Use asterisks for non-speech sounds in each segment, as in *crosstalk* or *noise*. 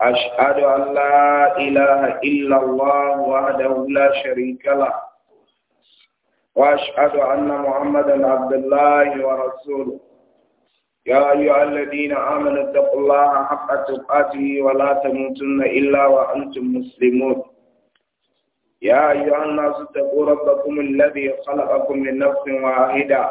أشهد أن لا إله إلا الله وحده لا شريك له وأشهد أن محمدا عبد الله ورسوله يا أيها الذين آمنوا اتقوا الله حق تقاته ولا تموتن إلا وأنتم مسلمون يا أيها الناس اتقوا ربكم الذي خلقكم من نفس واحدة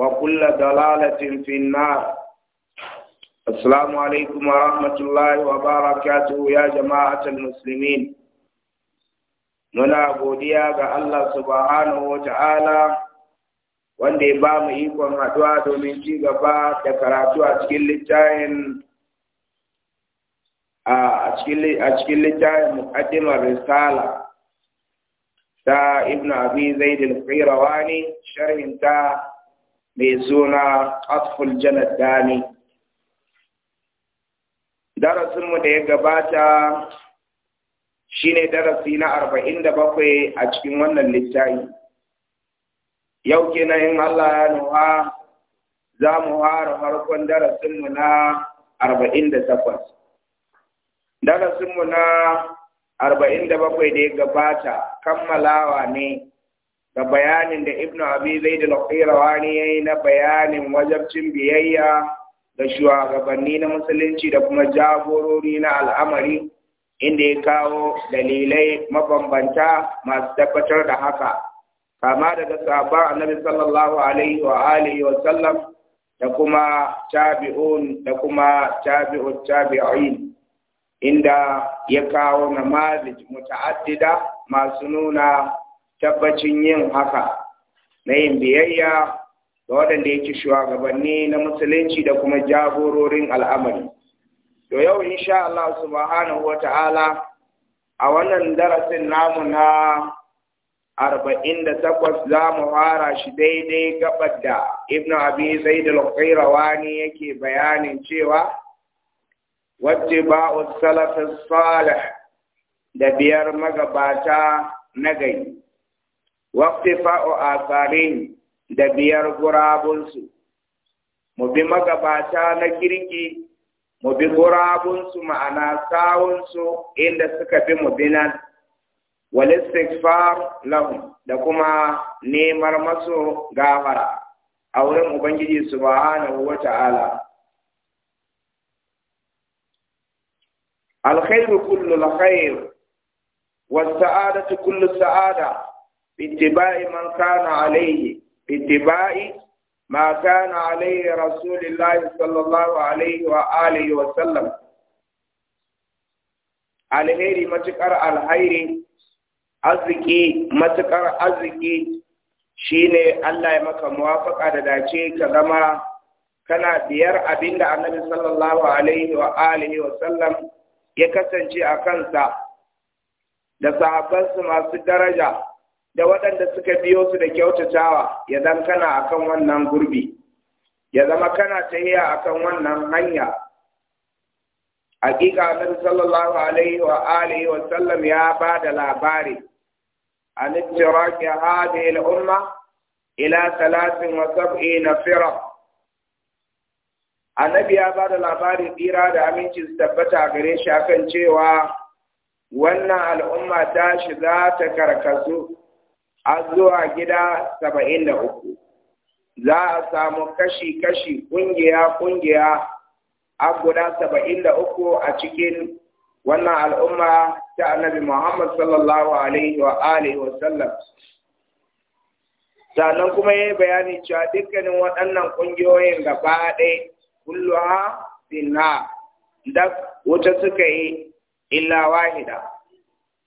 وكل dalalatin في النار السلام عليكم ورحمة الله وبركاته يا جماعة المسلمين muna godiya ga Allah subhanahu wa ta'ala wanda ya ba mu ikon haɗuwa domin ci gaba da karatu a cikin littafin a risala ta ibnu abi zaid al-qayrawani sharhin ta mai suna asful janar dani darasinmu da ya gabata shine darasi na arba'in da bakwai a cikin wannan littafi yau kenan in Allah ya nuha za mu hara farkon darasinmu na arba'in da takwas darasinmu na arba'in da bakwai da ya gabata kammalawa ne da bayanin da ibnu abi zaid al-qayrawani yayi na bayanin wajabcin biyayya da shugabanni na musulunci da kuma jagorori na al'amari inda ya kawo dalilai mabambanta masu tabbatar da haka kama daga sahabban annabi sallallahu alaihi wa alihi wa sallam da kuma tabi'un da kuma tabi'ut tabi'in inda ya kawo namazij muta'addida masu nuna tabbacin yin haka na yin biyayya ga waɗanda yake shugabanni na musulunci da kuma jagororin al'amari. To yau insha Allah subhanahu wa ta'ala a wannan darasin namu na arba'in da takwas za mu fara shi daidai gabar da Ibn Abi Zaid al ne yake bayanin cewa wacce ba'u salafis salih da biyar magabata na gari. واقتفاء آثارهم da biyar gurabunsu, mu bi magabata na kirki, mu bi gurabunsu ma'ana sawunsu inda suka bi mu binan, walistikfar lahum da kuma nemar masu gafara auren Ubangiji subhanahu wa ta'ala. Alkhairu kullu alkhair, wasu sa'adatu kullu sa'ada. باتباع من كان عليه باتباع ما كان عليه رسول الله صلى الله عليه وآله وسلم alheri matuƙar alhairi arziki matuƙar arziki shine Allah ya maka muwafaka da dace ka zama kana biyar abinda annabi sallallahu alaihi wa alihi wa sallam ya kasance a kansa da sahabbansu masu daraja da waɗanda suka biyo su da kyautatawa ya zan kana akan wannan gurbi ya zama kana tahiya akan wannan hanya hakika annabi sallallahu alaihi wa alihi wa sallam ya ba da labari an ittiraki hadhihi al-umma ila 73 firaq annabi ya ba da labari tsira da aminci su tabbata gare shi akan cewa wannan al'umma ta shi za ta karkasu A zuwa gida saba'in da uku za a samu kashi-kashi ƙungiya-ƙungiya a guda saba'in da uku a cikin wannan al'umma ta annabi Muhammad sallallahu alaihi wa alihi wa sallam. Sannan kuma ya yi bayani cewa dukkanin waɗannan ƙungiyoyin gaba ɗaya kulluha sinna da wuta suka yi illa wahida.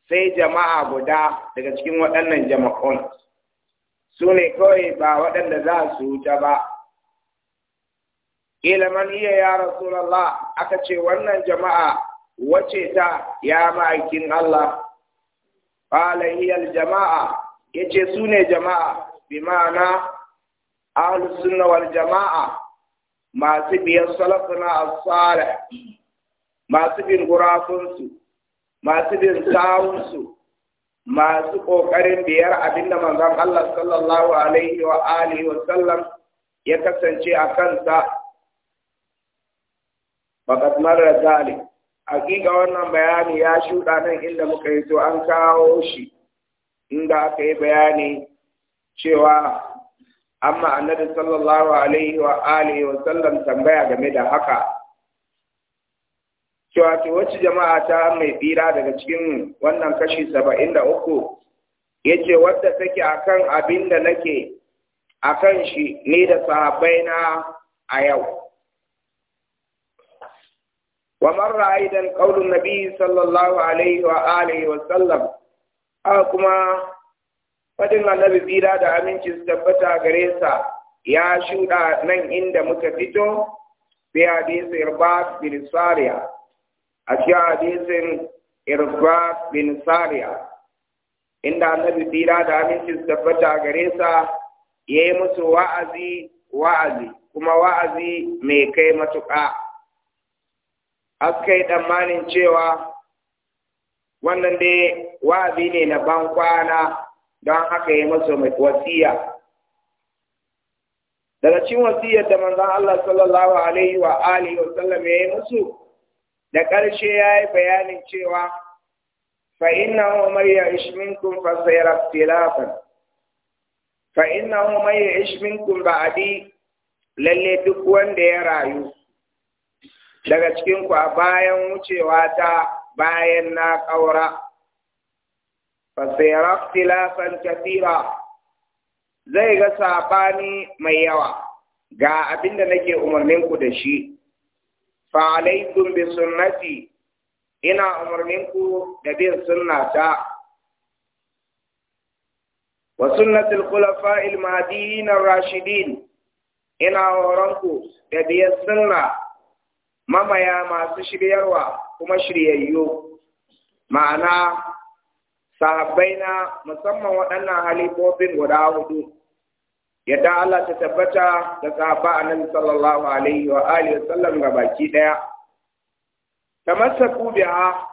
sai jama'a guda daga cikin waɗannan jama'un su ne kawai ba waɗanda za su wuta ba man iya ya rasulallah aka ce wannan jama'a wace ta ya ma'aikin Allah ƙalayyar jama'a ya ce su ne jama'a bi ma'ana ahalussunna wal jama'a masu biyan salafuna a tsara masu bin gurafinsu masu bin sawunsu masu ƙoƙarin biyar abinda manzon Allah sallallahu alaihi wa alihi wa sallam ya kasance a kansa faqad marar zalik hakika wannan bayani ya shuɗa nan inda muka yi to an kawo shi inda aka yi bayani cewa amma annabi sallallahu alaihi wa alihi wa sallam tambaya game da haka cewa to wacce jama'a ta mai tsira daga cikin wannan kashi saba'in da uku ya ce wadda take kan abin da nake akan shi ne da sahabbai na a yau wa marra aidan qaulun nabi sallallahu alaihi wa alihi wa sallam a kuma fadin annabi tsira da amincin su tabbata gare sa ya shuɗa nan inda muka fito bi hadisi irbat bin sariya a cikin hadisin بن ساريا inda annabi tira da تستفتا tabbata يمس وعزي ya yi musu wa'azi wa'azi kuma wa'azi mai kai matuƙa aka yi tsammanin cewa wannan dai wa'azi ne na ban kwana don haka yi musu wasiya daga wasiyar da manzon Allah sallallahu alaihi wa alihi wa sallam ya yi musu da ƙarshe ya yi bayanin cewa fa inna umar ya ishminkum fa sayara tilafan fa inna umar ya a bi lalle duk wanda ya rayu daga cikin ku a bayan wucewa ta bayan na ƙaura fa sayara tilafan zai ga sabani mai yawa ga abinda nake umarnin ku da shi fa alaikum bi sunnati ina umarninku da bin sunnata wa sunnatul khulafa'il mahdiyyin ar-rashidin ina horonku da biyar sunna mamaya masu shiryarwa kuma shiryayyu ma'ana sahabbaina musamman waɗannan halifofin guda hudu yadda Allah ta tabbata da sahaba annabi sallallahu alaihi wa alihi sallam ga baki daya tamassaku biha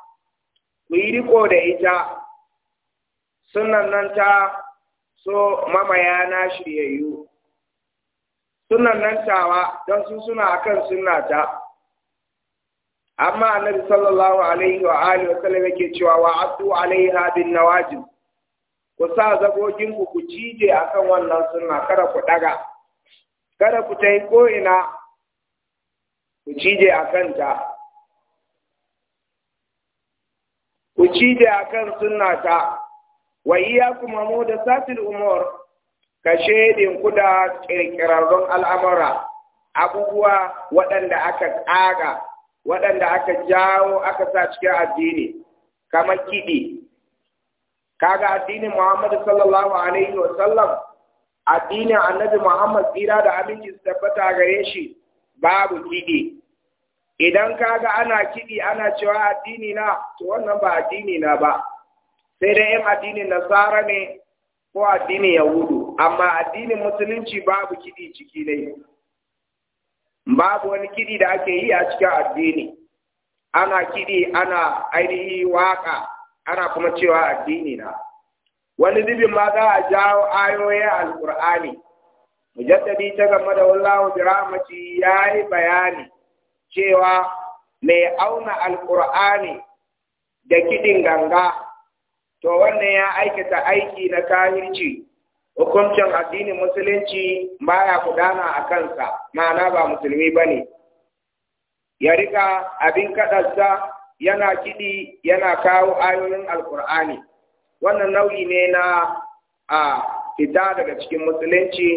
ku yi riko da ita sunan nan ta so mamaya na shiryayyu sunan nan tawa don su suna akan sunna ta amma annabi sallallahu alaihi wa alihi wa sallam yake cewa wa alaiha bin nawajib ku sa zagogin ku ku cije kan wannan suna, kada ku daga kada ku tai ko'ina, ku cije a ta ku cije kan suna ta wa da satin umar ka shaidin ku da kirkirarrun al'amura abubuwa waɗanda aka tsaga waɗanda aka jawo aka sa cikin addini kamar kiɗi kaga addinin Muhammad sallallahu alaihi wa sallam addinin Annabi Muhammad tsira da abinci tabbata gare shi babu kidi idan kaga ana kidi ana cewa addini na to wannan ba addini na ba sai dai yan addinin Nasara ne ko addinin Yahudu amma addinin Musulunci babu kidi ciki ne babu wani kidi da ake yi a cikin addini ana kidi ana ainihi waka ana kuma cewa addini na wani zubin ma za a jawo ayoyin alkur'ani mujaddadi ta game da wallahu bi rahmati ya yi bayani cewa mai auna alkur'ani da kiɗin ganga to wannan ya aikata aiki na kahirci hukuncin addinin musulunci baya gudana a kansa ma'ana ba musulmi ba ne ya rika abin kaɗarsa yana kiɗi yana kawo ayoyin alkur'ani wannan nau'i ne na a fita daga cikin musulunci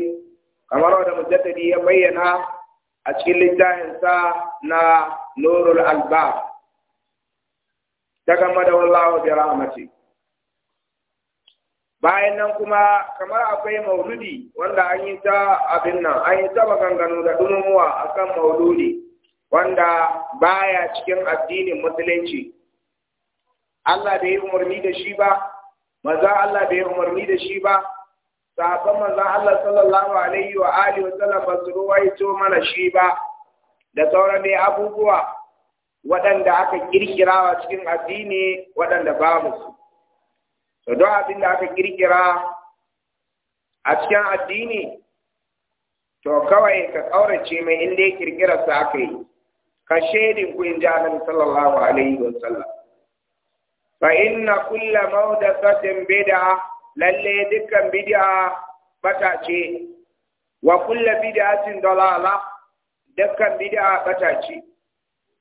kamar wanda mujaddadi ya bayyana a cikin littafinsa na nurul alba ta gama da wallahu bi rahmati bayan nan kuma kamar akwai mauludi wanda an yi ta abin nan an yi ta maganganu da dunuwa akan mauludi wanda baya cikin addinin musulunci Allah bai umarni da shi ba maza Allah bai umarni da shi ba sahabban manzon Allah sallallahu alaihi wa alihi wa sallam ba su ruwaito mana shi ba da sauran dai abubuwa waɗanda aka wa cikin addini waɗanda ba mu su to don abin da aka kirkira a cikin addini to kawai ka ƙaurace mai inda ya kirkirarsa aka yi ka shaidin ku in ji annabi sallallahu alaihi wa sallam fa inna kulla satin bid'a lalle dukkan bid'a bata ce wa kulla bid'atin dalala dukkan bid'a bata ce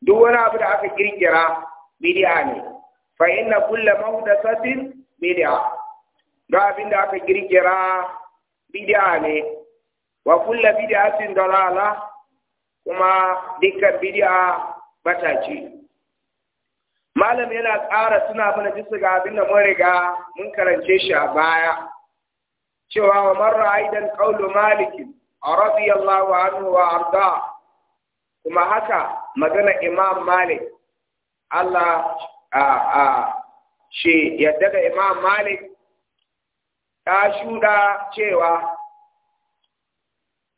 duk wani abu da aka kirkira bid'a ne fa inna kulla mawdathatin bid'a ga abin da aka kirkira bid'a ne wa kulla bid'atin dalala kuma dukkan bid'a bata ce malam yana ƙara suna mana bisa ga abin da mun riga mun karance shi a baya cewa wa marra aidan qawlu malik radiyallahu anhu wa arda kuma haka magana imam malik Allah a shi yadda da imam malik ta shuda cewa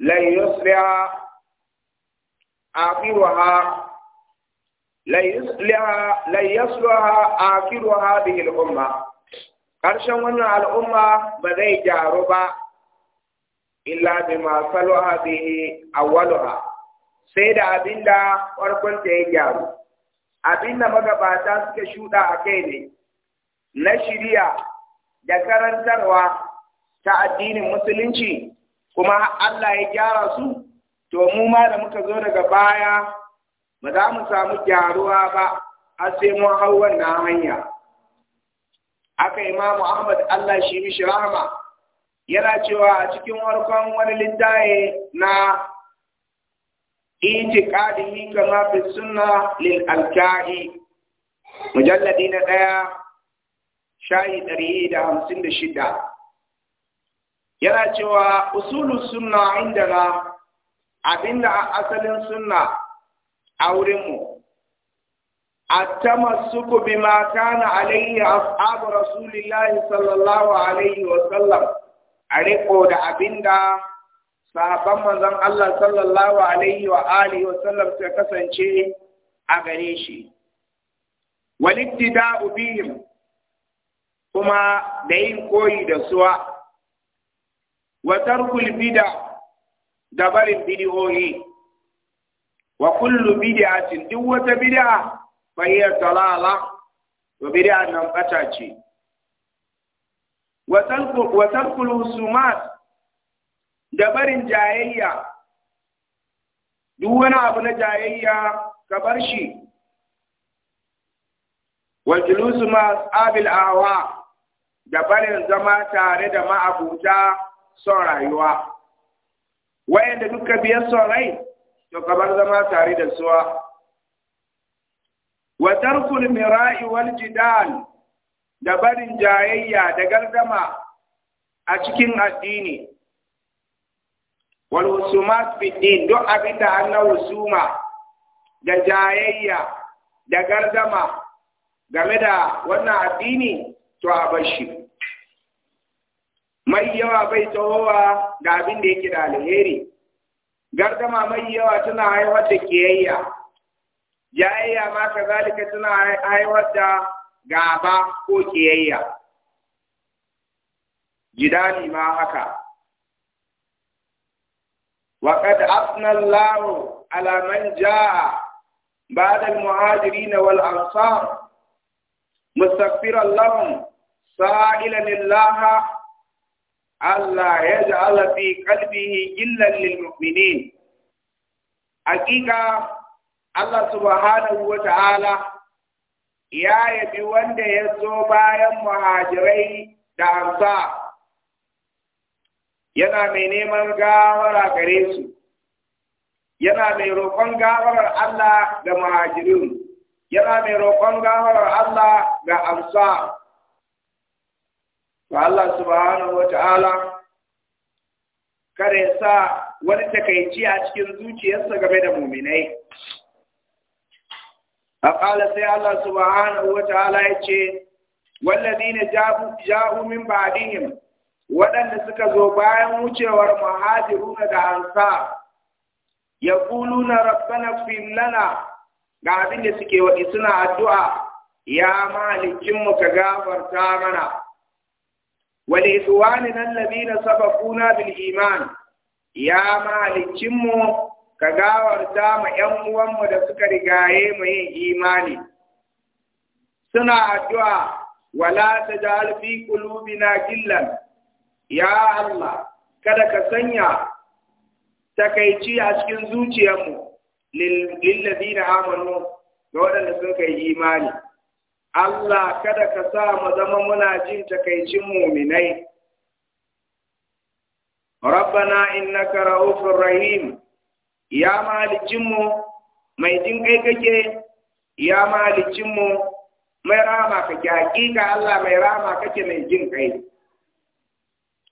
la yusri'a آخرها لا يصلح لا يصلح آخر هذه الأمة ƙarshen wannan al'umma ba zai gyaru ba illa bi ma saluha bihi sai da abinda farkon ta ya gyaru abinda magabata suke shuɗa a kai ne na shirya da karantarwa ta addinin musulunci kuma Allah ya gyara su to mu ma da muka zo daga baya ba za mu samu gyaruwa ba a sai mun hau wannan hanya aka imamu ahmad allah shi mishi rahama yana cewa a cikin warkon wani littaye na itiqadihi kama fi sunna lil alka'i mujalladi na ɗaya shayi dari da hamsin da shida yana cewa usulun sunna inda na abinda a asalin sunna a wurinmu a ta masu kubi maka na alayhi ashabu rasulillahi sallallahu a riko da abinda sabon manzan Allah sallallahu alaihi wa alihi ta kasance a gare shi walittida ubihim kuma da yin koyi da suwa watar kulbida bida da barin bidiyoyi wa kullu bid'atin duk wata bidi'a fa hiya dalala wa bid'a nan bata ce wa talku wa tarkul husumat da barin jayayya duk wani abu na jayayya ka bar shi wa julusu ma abil awa da barin zama tare da ma'abuta son rayuwa Wa'inda duka biyan son rai to kamar zama tare da suwa wa tarkul mira'i wal jidal da barin jayayya da gardama a cikin addini wal husumat fi din duk abin da husuma da jayayya da gardama game da wannan addini to a bashi. mai yawa bai tahowa ga abin da yake da alheri gardama mai yawa tana haihuwar da kiyayya jayayya ma zalika tana haihuwar da gaba ko kiyayya Jidani ma haka وقد أثنى الله على من جاء بعد المهاجرين والأنصار مستغفرا لهم سائلا الله Allah ya ja'ala fi ƙalbi illan lilmukmini, hakika Allah subhanahu wa ta'ala ya yabi wanda ya zo bayan muhajirai da amsa yana mai neman gawara gare su yana mai roƙon gawarar Allah ga muhajirin yana mai roƙon gawarar Allah ga amsa ta'ala kare sa wani takaici a cikin zuciyarsa game da muminai فقال سي الله wa ta'ala ya ce, Wallazi ne ja'umin بعدهم waɗanda suka zo bayan wucewar muhajiruna da ansa ya na rabbana lana ga abin da suke waɗi suna addu'a ya malikinmu ka gafarta mana ولإخواننا الذين bil iman ya مالك ka gawarta ma ‘yan mu da suka rigaye mu yin imani, suna addu'a wala ta ja'al fi qulubina gillan, ya Allah, kada ka sanya takaici a cikin zuciyarmu lillazina Amadu, ga waɗanda suka yi imani. Allah kada ka sa mu zama muna jin takaicin muminai. Rabbana innaka ra'ufur rahim ya malicinmu mai jin kai kake ya malicinmu mai rama kake hakika Allah mai rama kake mai jin kai.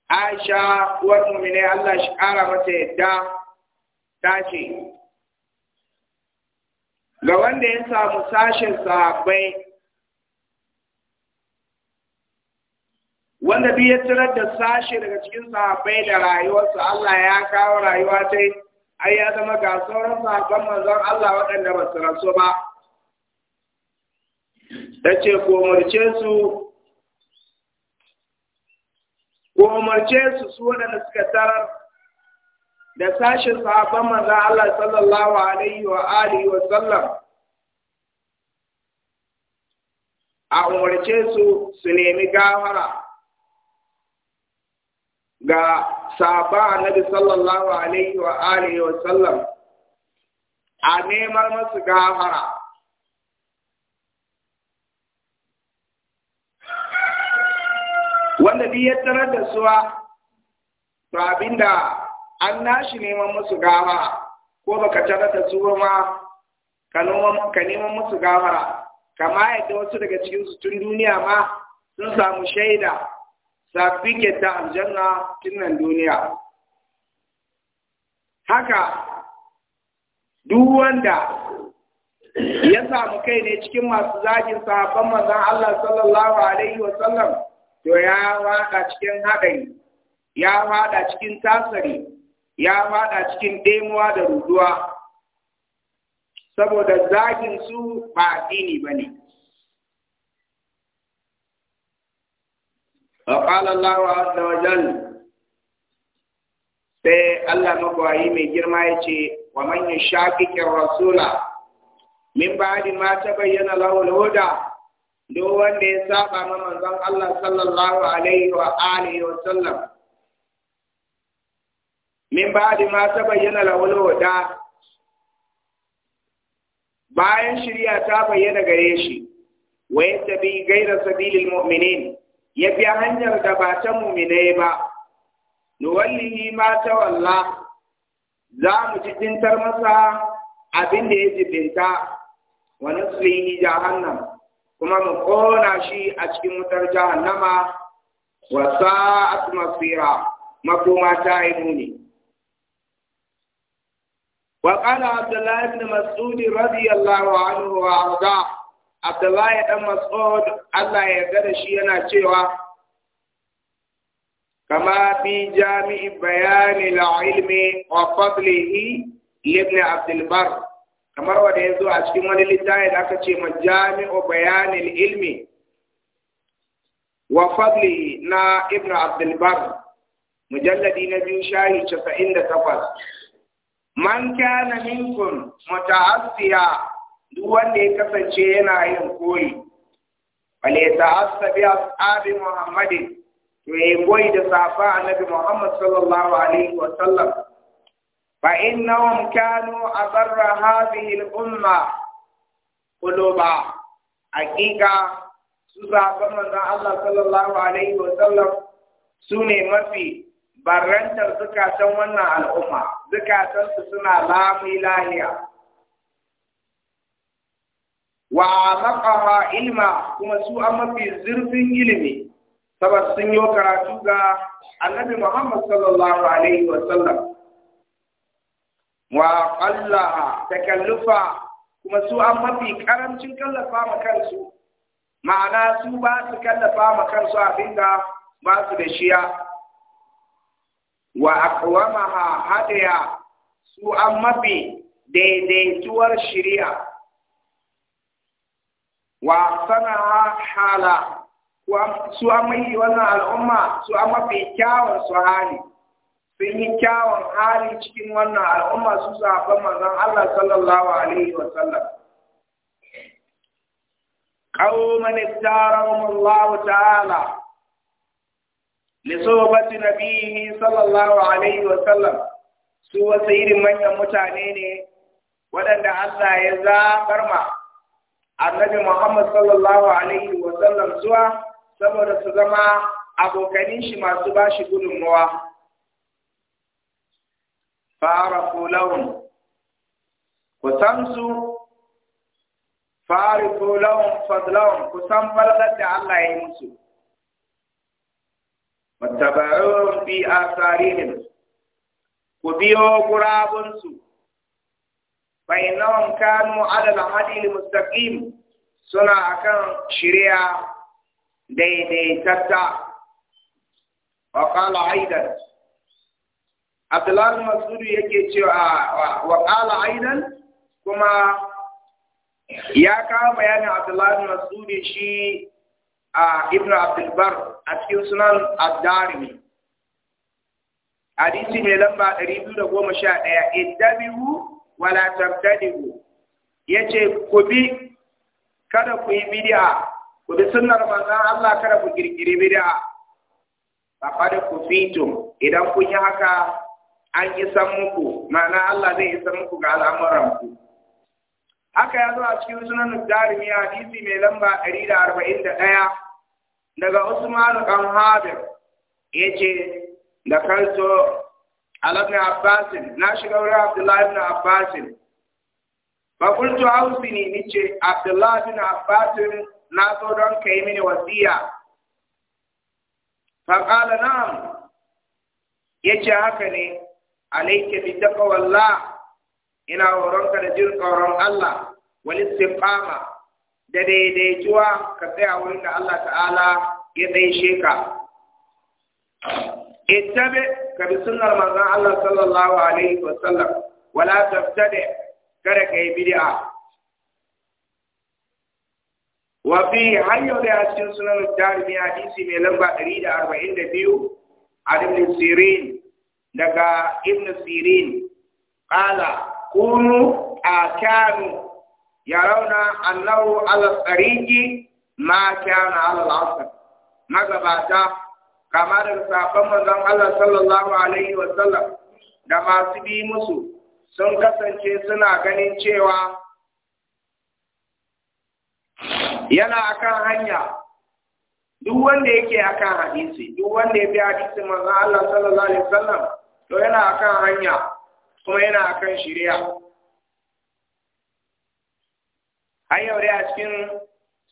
Aisha uwar muminai Allah shi kara mata yadda ta ce, Ga wanda ya samu sashin sahabbai wanda bi ya tirar da sashe daga cikin sahabbai da rayuwarsa Allah ya kawo rayuwa ta yi, ai ya zama ga sauran sahabban manzon Allah waɗanda ba su rasu ba Ta ko murce su ko umarce su su waɗanda suka tarar da sashen sahabban manzon Allah sallallahu alaihi wa alihi wa sallam a umarce su su nemi gawara ga saba annabi sallallahu alaihi wa alihi wa sallam a neman masu gafara wanda bi ya tarar da suwa to abinda an nashi neman musu gafara ko baka tarar da su ma ka neman musu gafara kama yadda wasu daga cikin su tun duniya ma sun samu shaida ke ta aljanna cikin nan duniya haka duk wanda ya samu kai ne cikin masu zagin sahabban manzon Allah sallallahu alaihi wa sallam to ya wada cikin haɗari ya wada cikin tasari ya wada cikin ɗemuwa da ruduwa saboda zagin su ba addini bane وقال الله عز وجل sai Allah magwayi mai girma ya ce wa manyan shafikin rasula min ba'di ma ta bayyana lahul huda duk wanda ya saba ma manzon Allah sallallahu alaihi wa alihi wa sallam min ma ta bayyana lahul huda bayan shirya ta bayyana gare shi wa yattabi gaira sabilil mu'minin ya fi hanyar da ba ta muminai ba nuwallihi ma ta walla za mu ci jibintar masa abin da ya jibinta wa nuslihi jahannam kuma mu kona shi a cikin wutar jahannama wa sa'at masira makoma ta yi muni وقال عبد الله بن مسعود رضي الله عنه وارضاه Abdullahi ɗan Mas'ud Allah ya yarda da shi yana cewa kama fi jami'i bayani la ilmi wa fadlihi ibn Abdul Bar kamar wanda yazo a cikin wani littafi da aka ce majami'u bayani al-ilmi wa fadlihi na ibn Abdul Bar mujalladi na biyu shahi 98 man kana minkum muta'assiya duk wanda ya kasance yana yin koyi wale ta asabi ashabi muhammadin to ya koyi da safa annabi muhammad sallallahu alaihi wa sallam fa innahum kanu abarra hadhihi al-umma quluba hakika su sahabban manzon Allah sallallahu alaihi wa sallam su ne mafi barantar zukatan wannan al'umma zukatansu suna lamu lahiya wa maqaha ilma kuma su an mafi zurfin ilimi saboda sun yi karatu ga annabi Muhammad sallallahu alaihi wa sallam wa qallaha takallufa kuma su an mafi karancin kallafa ma kansu ma'ana su ba su kallafa ma kansu abinda ba su da shiya wa aqwamaha hadiya su an mafi daidaituwar shari'a wa sana hala su amai wannan al'umma su amma fi kyawun su hali sun yi kyawun hali cikin wannan al'umma su zaɓa manzon Allah sallallahu alaihi wa sallam qauman ittarahum Allah ta'ala li sohbati nabiyhi sallallahu alaihi wa sallam su wasu irin manyan mutane ne waɗanda Allah ya zaɓar ma annabi Muhammad sallallahu alaihi wa sallam zuwa saboda su zama abokanin shi masu ba shi gudunmuwa. Fara kulawun, ku san su fara kulawun fadlawun, ku san falalar da Allah ya yi musu bi a tsarihin, ku biyo gurabunsu Mai nawan kanu ala al mustaqim suna akan shari'a daidaitata. وقال أيضا عبد الله بن مسعود yake cewa wa aidan kuma ya kawo bayanin Abdullahi bin shi a Ibn Abdul Bar a cikin sunan Ad-Darimi hadisi mai lamba 211 ittabi'u wala tabtadi'u yace ku bi kada ku yi bid'a ku bi sunnar manzo Allah kada ku girgire bid'a ku kufitum idan kun yi haka an yi san muku ma'ana Allah zai san muku ga al'amuran ku haka ya zo a cikin sunan darimi hadisi mai lamba 141 daga Usman kan Habib yace da kanto ala ibn abbas na shiga wurin abdullahi ibn abbas fa qultu awsini nice abdullahi ibn abbas na so don kai mini wasiya fa qala na'am yace haka ne alayka bi taqwallah ina horonka da jin tsoron Allah wal istiqama da daidaituwa ka tsaya wurin da Allah ta'ala ya tsaye ka ittabi ka bi sunnar manzon Allah sallallahu alaihi wa sallam wala tabtadi kada kai bid'a wa fi hayyu da cikin sunan jarumi hadisi mai lamba 142 a ibn sirin daga ibn sirin qala kunu akanu yarawna annahu ala tariqi ma kana ala al-asr magabata kama da sahabban manzon Allah sallallahu alaihi wa sallam da masu bi musu sun kasance suna ganin cewa yana akan hanya duk wanda yake akan hadisi duk wanda ya bi hadisi manzon Allah sallallahu alaihi wa sallam to yana akan hanya kuma yana akan shari'a har yau a cikin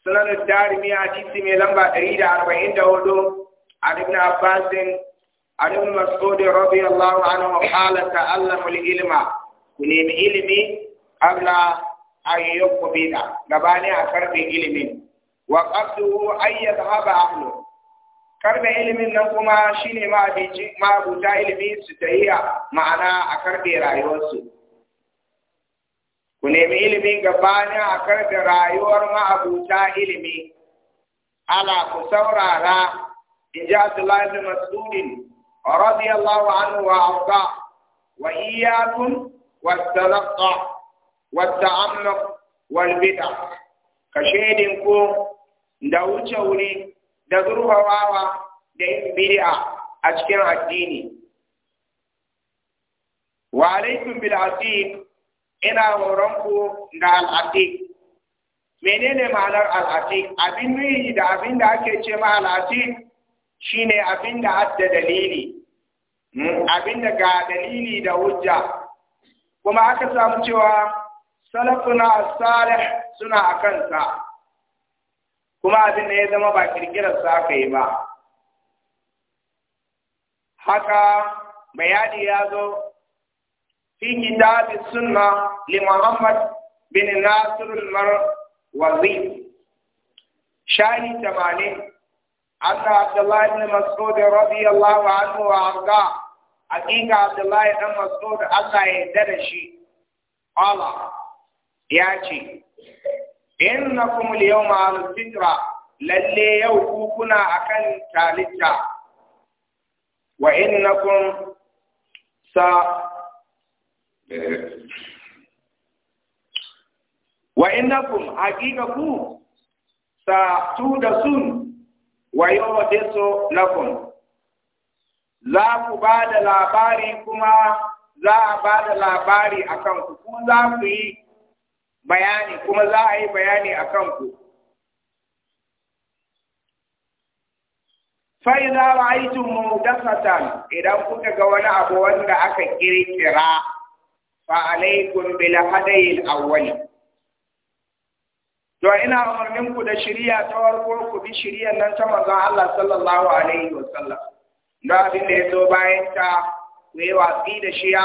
sunan darimi hadisi mai lamba 144 عن ابن عباس عن ابن مسعود رضي الله عنه قال تعلموا العلم كنين علمي قبل أن يقبل قبل أكرم علم وقبله أن يذهب أهله karbe ilimin nan kuma shine ma abici ilimi su tahiya ma'ana a karbe rayuwarsu ku nemi ilimin gabanin a karfe rayuwar ma'abuta ilimi ala ku saurara in ji Abdullahi bin Mas'udin radiyallahu anhu a arda wa iyyakum wat-talaqqa wat-ta'ammuq wal-bid'ah ka shaidin ko da wuce wuri da zurfafawa da yin bid'a a cikin addini wa alaikum bil ina horon ku da al'atiq menene ma'anar al'atiq abin nuyi da abin da ake ce ma shine abin da dalili hmm, abin da ga dalili da hujja kuma aka samu cewa salafuna salih suna a kansa kuma abin da ya zama ba kirkirar sa aka yi ba haka bayani ya zo fi kitabi sunna li muhammad bin nasirul al-marwazi shahi 80 أن عبد الله بن مسعود رضي الله عنه وأرضاه حقيقة عبد الله بن مسعود الله يدرشي قال ياتي إنكم اليوم على الفطرة للي يوكوكنا أكن ثالثة وإنكم س وإنكم حقيقة ساتودسون wa yuhdisu lakum za ku ba da labari kuma za a ba da labari a kanku Ku za ku yi bayani kuma za a yi bayani a kanku fa'iza mu mudassatan idan ku ga wani abu wanda aka kirkira fa alaikum bil hadayil awwali to ina umarnin ku da shirya ta warko ku bi shirya nan ta manzon Allah sallallahu alaihi wa sallam da abin da ya zo bayan ta ku yi watsi da shiya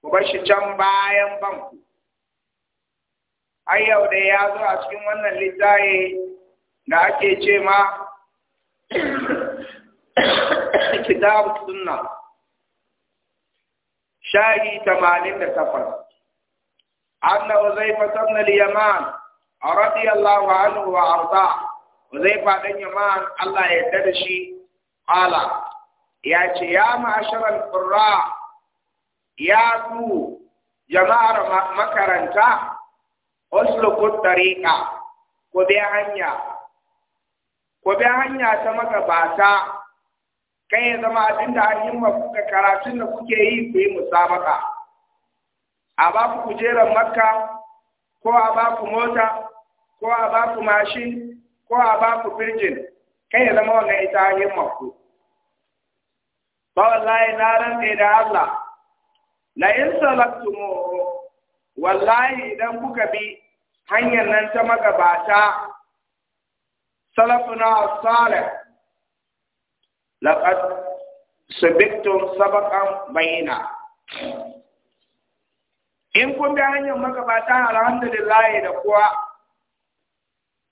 ku bar shi can bayan banku ai yau da ya zo a cikin wannan littaye da ake ce ma *coughs* kitab sunna da 88 anna uzaifa ibn al-yaman radiyallahu anhu wa arda Huzaifa dan Yaman Allah ya yarda da shi ala ya ce ya ma'asharal qurra ya ku jama'ar makaranta usluku tariqa ku bi hanya ku bi hanya ta magabata kai ya zama abin da an yi kuka karatun da kuke yi ku yi musabaka a ba ku kujerar makka ko a ba ku mota ko a ba ku mashin ko a ba ku birgin kai ya zama wannan ita himmar ku ba wallahi na rantse da Allah la in salaktumu wallahi idan kuka bi hanyar nan ta magabata salafuna salih laqad sabiqtum sabaqan bayna in kun bi hanyar magabata alhamdulillah da kuwa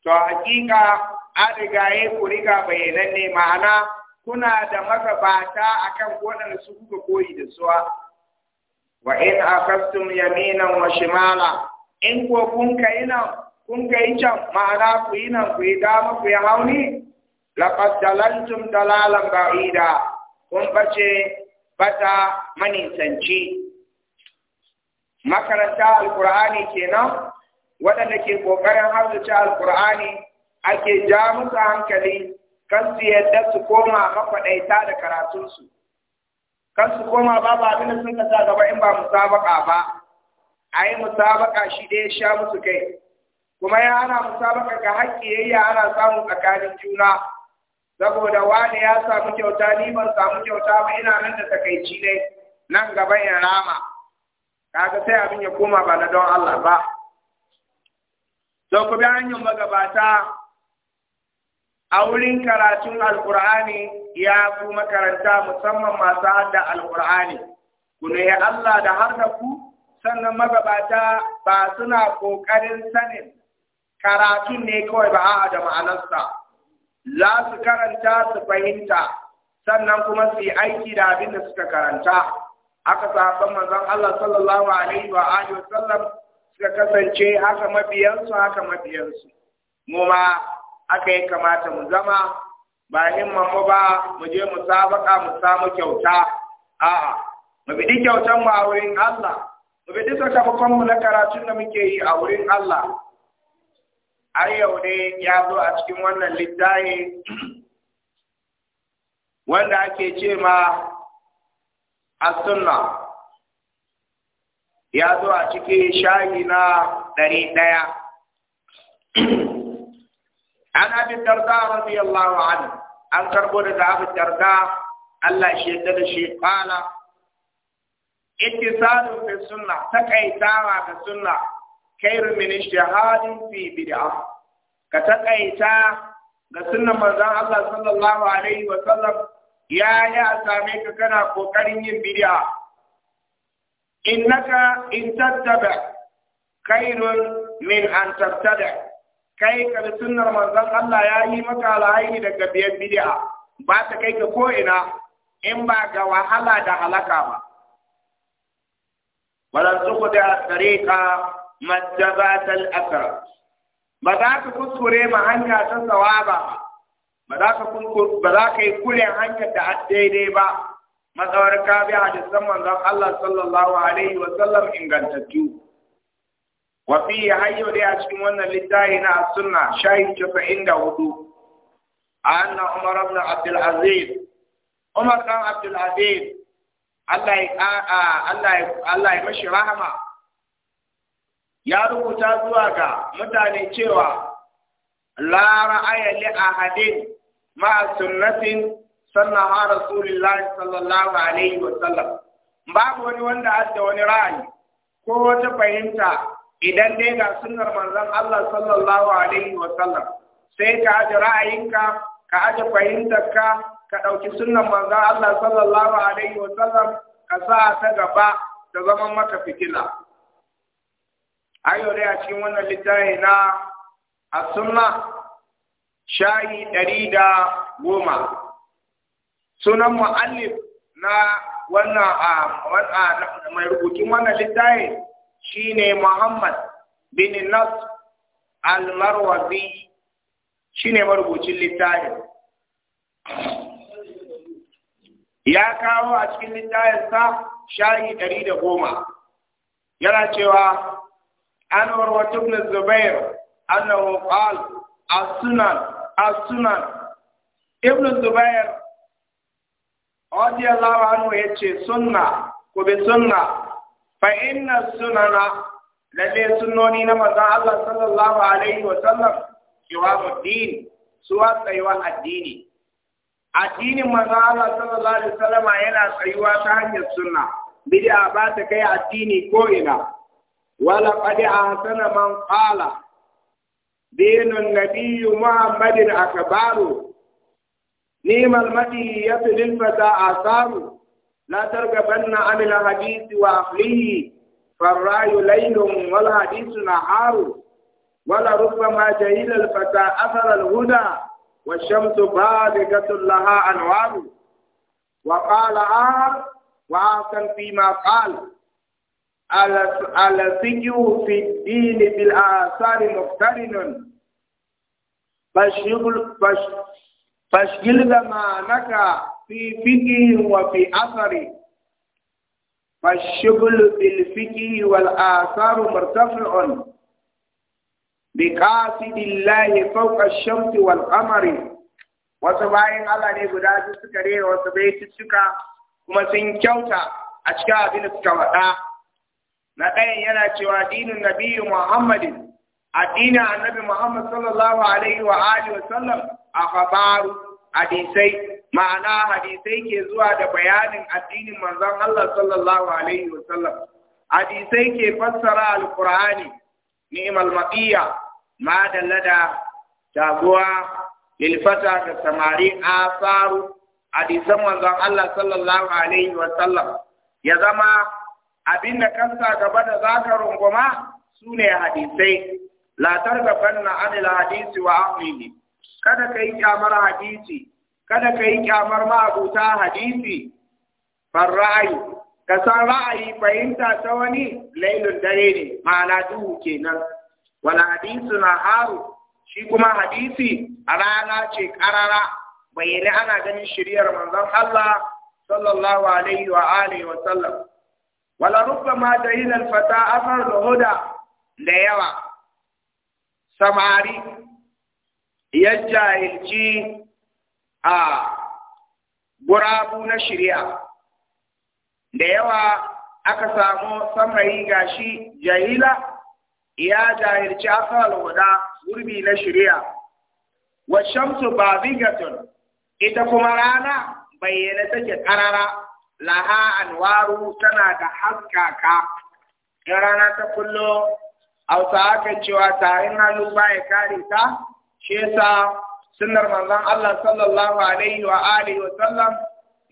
to hakika an rigaye ku riga ne ma'ana kuna da magabata akan gonar su kuka koyi da suwa wa in akastum yaminan wa shimala in ko kun kai nan kun kai can ma'ana ku yi nan ku yi dama ku yi hauni laqad dalaltum dalalan ba'ida kun bace bata manisanci makaranta alkur'ani kenan waɗanda ke ƙoƙarin harzuce alkur'ani ake ja musu hankali kan su yadda su koma mafaɗaita da karatunsu kan su koma ba ba abin da sun ka sa gaba in ba musabaka ba a yi musabaka shi ɗaya sha musu kai kuma ya ana musabaka ga haƙƙi yi ana samun tsakanin juna saboda wani ya samu kyauta ni ban samu kyauta ba ina nan da takaici ne nan gaba in rama kaga sai abin ya koma ba na don Allah ba don ku bi hanyar magabata a wurin karatun alkur'ani ya fi makaranta musamman masu hada alkur'ani ku ne Allah da har da ku sannan magabata ba suna kokarin sanin karatun ne kawai ba a da ma'anarsa za su karanta su fahimta sannan kuma su yi aiki da abin da suka karanta aka sahabban manzon Allah sallallahu alaihi wa alihi wa sallam suka kasance haka mabiyansu haka mabiyansu mu ma aka yi kamata mu zama ba himman mu ba mu je mu sabaka mu samu kyauta a'a mu bi kyautan mu a wurin Allah mu bi sakamakon mu na karatu da muke yi a wurin Allah har yau ne ya zo a cikin wannan littafi wanda ake ce ma A sunna ya zo a cikin shayi na ɗari ɗaya *clears throat* an abi darda radiyallahu anhu an karbo daga abi darda Allah shi yadda da shi kala ittisalu fi sunna takaitawa ga sunna khairu min ijtihadin fi bid'ah ga sunnan Allah ya ya same ka kana kokarin yin bid'a innaka in tattaba khairun min an tattada kai ka sunnar manzon Allah ya yi maka alhaini daga biyan bid'a ba ta kai ka ko ina in ba ga wahala da halaka ba wala da tariqa madabat al ba za ka kuskure ma hanya ta sawaba ba ba za ka yi kulen hankali da daidai ba matsawar ka bi hadisan manzon Allah sallallahu alaihi wa sallam ingantattu Wafi ya hayo dai a cikin wannan littafi na sunna shayi A anna Umar ibn Abdul Aziz Umar kan Abdul Aziz Allah ya Allah ya mashi rahama ya rubuta zuwa ga mutane cewa la ra'aya li ahadin ma sunnatin sannaha rasulullahi sallallahu alaihi wa sallam babu wani wanda adda wani ra'ayi ko wata fahimta idan dai ga sunnar manzon Allah sallallahu alaihi wa sallam sai ka aje ra'ayinka ka aje fahimtarka ka ɗauki sunnar manzon Allah sallallahu alaihi wa sallam ka sa ta gaba da zaman maka fitila ayo dai a cikin wannan littafi na as-sunna shayi ɗari da goma sunan mu'allif na wannan a mai rubutun wannan littafi shine Muhammad bin Nas al shine marubucin littafin ya kawo a cikin littafin sa shayi ɗari da goma yana cewa an warwatu ibn Zubair annahu qala as-sunan as-sunan ibn zubair radiyallahu anhu yace sunna ko be sunna fa inna sunana lalle sunnoni na maza Allah sallallahu alaihi wa sallam kiwamu din suwa tsayuwa addini addinin maza Allah sallallahu alaihi wa sallama yana tsayuwa ta hanyar sunna bid'a ba ta kai addini ko ina wala qad ahsana man qala دين النبي محمد أكبر نيم المدي المدية للفتى آثار لا ترغبن عن الحديث وأخليه فالرأي ليل والحديث نهار ولربما جهل الفتى أثر الهدى والشمس بارقة لها أنوار وقال آه وأحسن فيما قال alasijuhu fi dini bil asari muktarinun fashgil zamanaka fi fiki wa fi asari fashgil bil fiki wal asaru martafi'un bi qasidi allah fawqa ash-shamsi wal qamari wa tabayin ne guda su kare wa tabayin su kuma sun kyauta a cikin abin da suka wada na ɗayan yana cewa dinin nabiyyu muhammadin addinin annabi muhammad sallallahu alaihi wa alihi wa sallam akhbaru hadisai ma'ana hadisai ke zuwa da bayanin addinin manzon Allah sallallahu alaihi wa sallam hadisai ke fassara alqur'ani ni'mal maqiya ma dallada taguwa lilfata da samari asaru hadisan manzon Allah sallallahu alaihi wa sallam ya zama abin da kansa gaba da za ka runguma su ne hadisai latar da anil hadisi wa ahlihi kada ka yi kyamar hadisi kada ka yi kyamar ma'abuta hadisi far ra'ayi ka san ra'ayi fahimta ta wani lailun dare ne ma'ana duhu kenan wala hadisi na haru shi kuma hadisi a rana ce karara bayyane ana ganin shiryar manzon Allah sallallahu alaihi wa alihi wa sallam wala ma da al-fata afar da huda da yawa samari ya jahilci a gurabu na shirya. da yawa aka samu samari gashi jahila ya jahilci asal huda gurbi na shari'a wa shamsu bazigatun ita kuma rana bayyana take ƙarara. laha anwaru tana da haskaka Da rana ta kullo hausa aka cewa tarin halu ba ya kare ta shi yasa sunnar manzon Allah sallallahu alaihi wa alihi wa sallam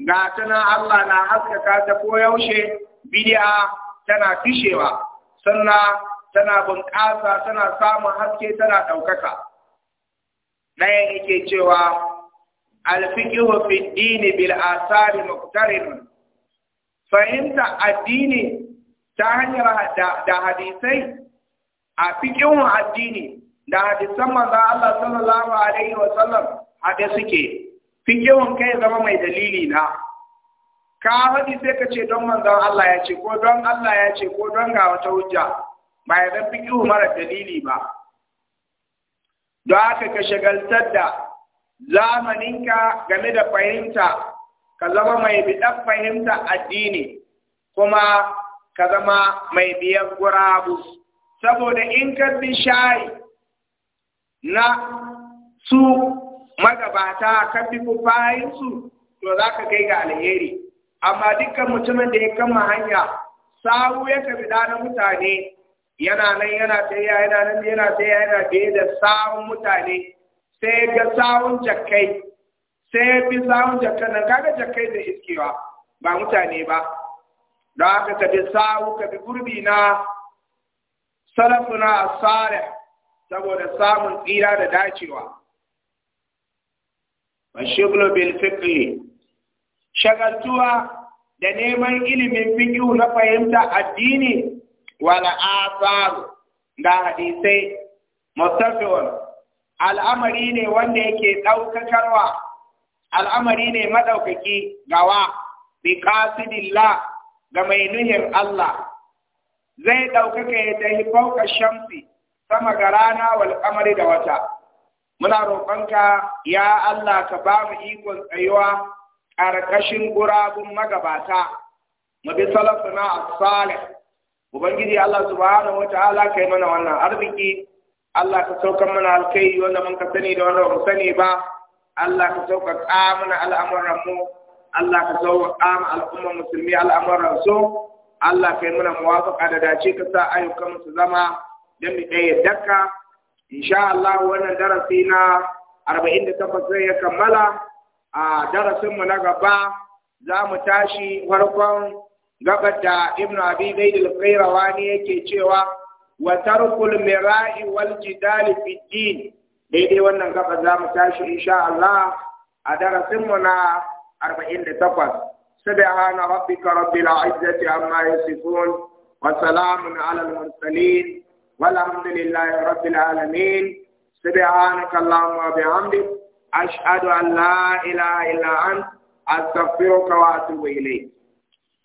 ga tana Allah na haskaka ta ko yaushe bid'a tana fishewa sunna tana bunƙasa tana samun haske tana ɗaukaka ɗaya yake cewa alfiqhu fi dini bil asari muqtarin fahimta addini ta hanyar da hadisai a cikin addini da hadisan manzo Allah sallallahu alaihi wa sallam hade suke fikihun kai zama mai dalili na ka haɗi sai ka ce don manzon Allah ya ce ko don Allah ya ce ko don ga wata hujja ba ya zan fikihu mara dalili ba don haka ka shagaltar da zamaninka game da fahimta ka zama mai bidan fahimta addini kuma ka zama mai biyan gurabu saboda in ka bi shayi na su magabata ka bi su to za ka kai ga alheri amma dukkan mutumin da ya kama hanya sawu ya tafi na mutane yana nan yana tsaya yana nan yana yana biye da sawun mutane sai ga sawun jakkai sai ya bi sawun jakkan nan kaga jakkai da iskewa ba mutane ba don haka ka bi sawu ka bi gurbi na salafuna asare saboda samun tsira da dacewa washiglo bil Fikli. shagaltuwa da neman ilimin fiqhu na fahimta addini wala asaru da hadisai mustafiwan al'amari ne wanda yake ɗaukakarwa al'amari ne maɗaukaki gawa bi qasidillah ga mai nuhin Allah zai ɗaukaka ya tafi fauka shamsi sama ga rana wal kamari da wata muna roƙonka ya Allah ka ba mu ikon tsayuwa ƙarƙashin gurabun magabata mu bi salafuna as-salih ubangiji Allah subhanahu ka yi mana wannan arziki Allah ka saukan mana alkai wanda mun ka sani da wanda ba mu sani ba Allah ka sauƙaƙa mana al'amuran mu Allah ka sauƙaƙa ma al'ummar musulmi al'amuran su Allah kai muna muwafaqa da dace ka sa ayyukan mu su zama dan mu ɗaya dakka insha Allah wannan darasi na 48 sai ya kammala a darasin mu na gaba za mu tashi farkon gabar da Ibn Abi Zaid al-Qayrawani yake cewa wa tarkul mira'i wal din daidai wannan gaba za mu tashi insha Allah a darasinmu na 48 subhana rabbika rabbil izzati amma yasifun wa salamun ala al mursalin walhamdulillahi rabbil alamin subhanaka allahumma wa bihamdik ashhadu an la ilaha illa anta astaghfiruka wa atubu ilayk